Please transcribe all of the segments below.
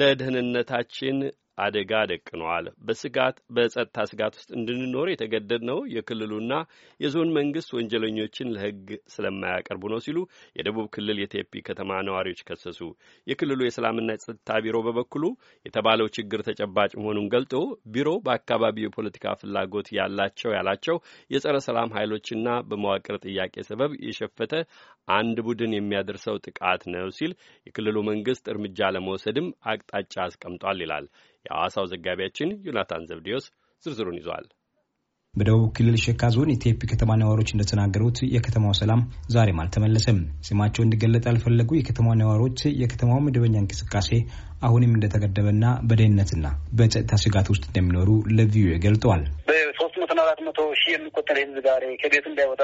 ለደህንነታችን አደጋ ደቅኗል በስጋት በጸጥታ ስጋት ውስጥ እንድንኖር የተገደድ ነው የክልሉና የዞን መንግስት ወንጀለኞችን ለህግ ስለማያቀርቡ ነው ሲሉ የደቡብ ክልል የቴፒ ከተማ ነዋሪዎች ከሰሱ። የክልሉ የሰላምና የጸጥታ ቢሮ በበኩሉ የተባለው ችግር ተጨባጭ መሆኑን ገልጦ ቢሮ በአካባቢው የፖለቲካ ፍላጎት ያላቸው ያላቸው የጸረ ሰላም ኃይሎችና በመዋቅር ጥያቄ ሰበብ የሸፈተ አንድ ቡድን የሚያደርሰው ጥቃት ነው ሲል የክልሉ መንግስት እርምጃ ለመውሰድም አቅጣጫ አስቀምጧል ይላል። የሐዋሳው ዘጋቢያችን ዮናታን ዘብዲዮስ ዝርዝሩን ይዟል። በደቡብ ክልል ሸካ ዞን የቴፒ ከተማ ነዋሪዎች እንደተናገሩት የከተማው ሰላም ዛሬም አልተመለሰም። ስማቸው እንዲገለጥ ያልፈለጉ የከተማ ነዋሪዎች የከተማው መደበኛ እንቅስቃሴ አሁንም እንደተገደበና በደህንነትና በጸጥታ ስጋት ውስጥ እንደሚኖሩ ለቪኦኤ ገልጠዋል። በሶስት መቶና አራት መቶ ሺህ የሚቆጠር ህዝብ ዛሬ ከቤት እንዳይወጣ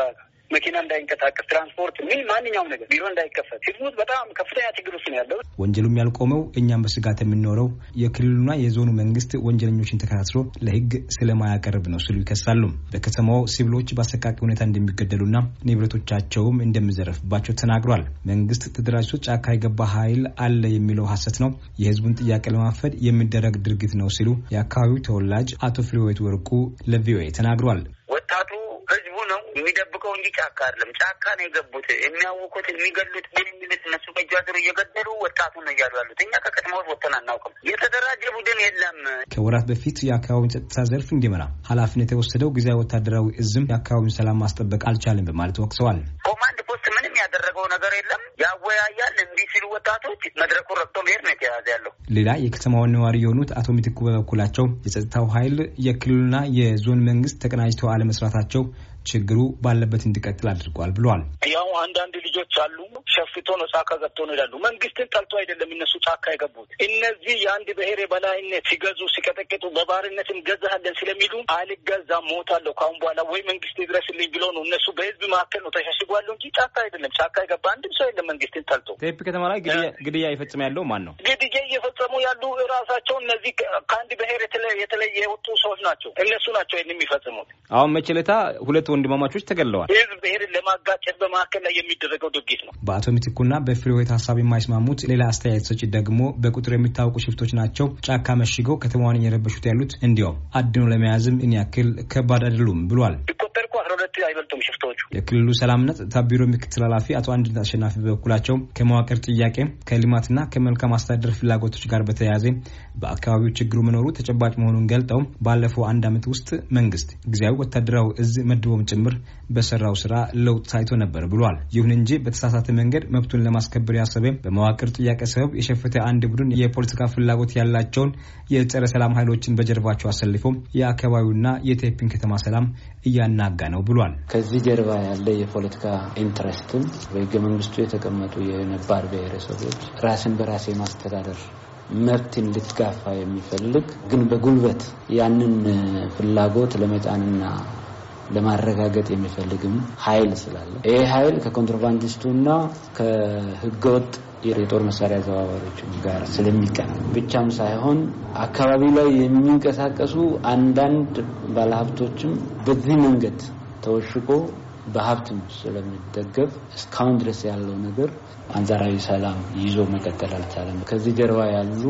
መኪና እንዳይንቀሳቀስ፣ ትራንስፖርት ምን ማንኛውም ነገር ቢሮ እንዳይከፈት፣ ህዝቡ በጣም ከፍተኛ ችግር ውስጥ ነው ያለው። ወንጀሉም ያልቆመው እኛም በስጋት የምንኖረው የክልሉና የዞኑ መንግስት ወንጀለኞችን ተከታትሎ ለህግ ስለማያቀርብ ነው ሲሉ ይከሳሉ። በከተማው ሲቪሎች በአሰቃቂ ሁኔታ እንደሚገደሉና ንብረቶቻቸውም እንደሚዘረፍባቸው ተናግሯል። መንግስት ተደራጅቶ ጫካ የገባ ኃይል አለ የሚለው ሀሰት ነው፣ የህዝቡን ጥያቄ ለማፈድ የሚደረግ ድርጊት ነው ሲሉ የአካባቢው ተወላጅ አቶ ፍሬወት ወርቁ ለቪኦኤ ተናግሯል። ወጣቱ የሚደብቀው እንጂ ጫካ አይደለም። ጫካ ነው የገቡት የሚያውቁት፣ የሚገሉት፣ ምን የሚሉት እነሱ በእጅ እየገደሉ ወጣቱ ነው እያሉ ያሉት። እኛ ከከተማዎች ወጥተን አናውቅም። የተደራጀ ቡድን የለም። ከወራት በፊት የአካባቢውን ጸጥታ ዘርፍ እንዲመራ ኃላፊነት የወሰደው ጊዜያዊ ወታደራዊ እዝም የአካባቢውን ሰላም ማስጠበቅ አልቻለም በማለት ወቅሰዋል። ኮማንድ ፖስት ምንም ያደረገው ነገር የለም። ያወያያል እንዲህ ሲሉ ወጣቶች መድረኩን ረግቶ መሄድ ነው የተያዘ ያለው። ሌላ የከተማውን ነዋሪ የሆኑት አቶ ሚትኩ በበኩላቸው የጸጥታው ኃይል የክልሉና የዞን መንግስት ተቀናጅተው አለመስራታቸው ችግሩ ባለበት እንዲቀጥል አድርጓል ብሏል። ያው አንዳንድ ልጆች አሉ ሸፍቶ ነው ጫካ ገብቶ ነው ይላሉ። መንግስትን ጠልቶ አይደለም እነሱ ጫካ የገቡት እነዚህ የአንድ ብሔር የበላይነት ሲገዙ ሲቀጠቅጡ በባርነት እንገዛለን ስለሚሉ አልገዛም፣ ሞታለሁ ካሁን በኋላ ወይ መንግስት ይድረስልኝ ብሎ ነው እነሱ በህዝብ መካከል ነው ተሸሽጓሉ እንጂ ጫካ አይደለም። ጫካ የገባ አንድም ሰው የለም መንግስትን ጠልቶ። ቴፕ ከተማ ላይ ግድያ ይፈጽም ያለው ማን ነው? ግድያ እየፈጸሙ ያሉ ራሳቸው እነዚህ ከአንድ ብሔር የተለየ የወጡ ሰዎች ናቸው። እነሱ ናቸው ይህን የሚፈጽሙት። አሁን መቼለታ ሁለት ወንድማማቾች ተገለዋል። ህዝብ ብሔርን ለማጋጨት በመካከል ላይ የሚደረገው ድርጊት ነው። በአቶ ሚትኩና በፍሬወት ሀሳብ የማይስማሙት ሌላ አስተያየት ሰጪ ደግሞ በቁጥር የሚታወቁ ሽፍቶች ናቸው ጫካ መሽገው ከተማዋን እየረበሹት ያሉት እንዲያውም አድኖ ለመያዝም እን ያክል ከባድ አይደሉም ብሏል። ከአስራ ሁለት አይበልጡም ሽፍቶቹ። የክልሉ ሰላምነት ቢሮ ምክትል ኃላፊ አቶ አንድነት አሸናፊ በበኩላቸው ከመዋቅር ጥያቄ ከልማትና ከመልካም አስተዳደር ፍላጎቶች ጋር በተያያዘ በአካባቢው ችግሩ መኖሩ ተጨባጭ መሆኑን ገልጠው ባለፈው አንድ ዓመት ውስጥ መንግስት ጊዜያዊ ወታደራዊ እዝ መድቦም ጭምር በሰራው ስራ ለውጥ ታይቶ ነበር ብሏል። ይሁን እንጂ በተሳሳተ መንገድ መብቱን ለማስከበር ያሰበ በመዋቅር ጥያቄ ሰበብ የሸፈተ አንድ ቡድን የፖለቲካ ፍላጎት ያላቸውን የጸረ ሰላም ኃይሎችን በጀርባቸው አሰልፎ የአካባቢውና የቴፒን ከተማ ሰላም እያናጋ ነው ነው ብሏል። ከዚህ ጀርባ ያለ የፖለቲካ ኢንትረስትም በህገ መንግስቱ የተቀመጡ የነባር ብሔረሰቦች ራስን በራሴ የማስተዳደር መብት እንድትጋፋ የሚፈልግ ግን በጉልበት ያንን ፍላጎት ለመጫንና ለማረጋገጥ የሚፈልግም ኃይል ስላለ ይህ ኃይል ከኮንትሮባንዲስቱና ከህገወጥ የጦር መሳሪያ አዘዋዋሪዎች ጋር ስለሚቀና ብቻም ሳይሆን አካባቢ ላይ የሚንቀሳቀሱ አንዳንድ ባለሀብቶችም በዚህ መንገድ ተወሽቆ በሀብትም ስለሚደገፍ እስካሁን ድረስ ያለው ነገር አንጻራዊ ሰላም ይዞ መቀጠል አልቻለም። ከዚህ ጀርባ ያሉ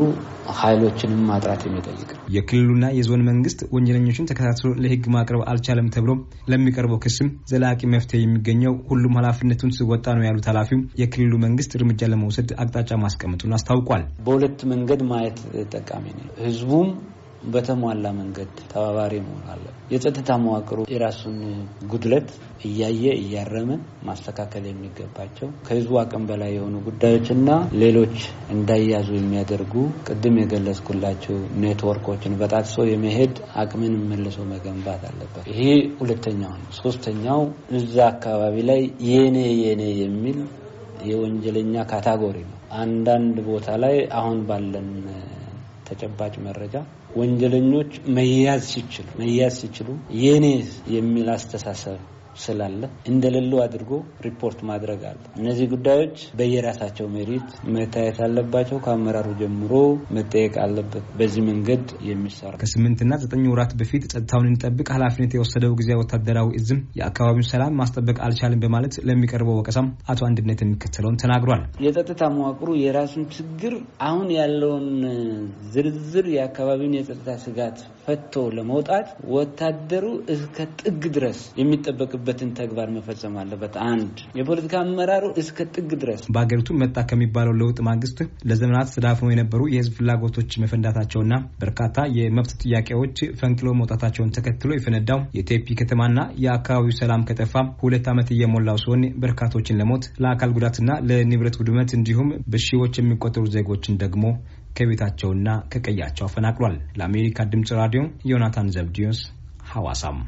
ኃይሎችንም ማጥራት የሚጠይቅ ነው። የክልሉና የዞን መንግስት ወንጀለኞችን ተከታትሎ ለህግ ማቅረብ አልቻለም ተብሎ ለሚቀርበው ክስም ዘላቂ መፍትሄ የሚገኘው ሁሉም ኃላፊነቱን ሲወጣ ነው ያሉት ኃላፊው የክልሉ መንግስት እርምጃ ለመውሰድ አቅጣጫ ማስቀመጡን አስታውቋል። በሁለት መንገድ ማየት ጠቃሚ ነው። ህዝቡም በተሟላ መንገድ ተባባሪ መሆን አለ። የጸጥታ መዋቅሩ የራሱን ጉድለት እያየ እያረመ ማስተካከል የሚገባቸው ከህዝቡ አቅም በላይ የሆኑ ጉዳዮችና ሌሎች እንዳያዙ የሚያደርጉ ቅድም የገለጽኩላቸው ኔትወርኮችን በጣጥሶ የመሄድ አቅምን መልሶ መገንባት አለበት። ይሄ ሁለተኛው ነው። ሶስተኛው እዛ አካባቢ ላይ የኔ የኔ የሚል የወንጀለኛ ካታጎሪ ነው። አንዳንድ ቦታ ላይ አሁን ባለን ተጨባጭ መረጃ ወንጀለኞች መያዝ ሲችሉ መያዝ ሲችሉ የኔ የሚል አስተሳሰብ ስላለ እንደሌሉ አድርጎ ሪፖርት ማድረግ አለ። እነዚህ ጉዳዮች በየራሳቸው ሜሪት መታየት አለባቸው። ከአመራሩ ጀምሮ መጠየቅ አለበት። በዚህ መንገድ የሚሰራ ከስምንትና ዘጠኝ ወራት በፊት ጸጥታውን እንጠብቅ ኃላፊነት የወሰደው ጊዜ ወታደራዊ እዝም የአካባቢውን ሰላም ማስጠበቅ አልቻለም በማለት ለሚቀርበው ወቀሳም አቶ አንድነት የሚከተለውን ተናግሯል። የጸጥታ መዋቅሩ የራሱን ችግር አሁን ያለውን ዝርዝር የአካባቢውን የጸጥታ ስጋት ፈቶ ለመውጣት ወታደሩ እስከ ጥግ ድረስ የሚጠበቅ ያሉበትን ተግባር መፈጸም አለበት። አንድ የፖለቲካ አመራሩ እስከ ጥግ ድረስ በሀገሪቱ መጣ ከሚባለው ለውጥ ማግስት ለዘመናት ተዳፍነው የነበሩ የህዝብ ፍላጎቶች መፈንዳታቸውና በርካታ የመብት ጥያቄዎች ፈንቅሎ መውጣታቸውን ተከትሎ የፈነዳው የቴፒ ከተማና የአካባቢው ሰላም ከጠፋ ሁለት ዓመት እየሞላው ሲሆን በርካቶችን ለሞት ለአካል ጉዳትና ለንብረት ውድመት እንዲሁም በሺዎች የሚቆጠሩ ዜጎችን ደግሞ ከቤታቸውና ከቀያቸው አፈናቅሏል። ለአሜሪካ ድምፅ ራዲዮ ዮናታን ዘብዲዮስ ሐዋሳም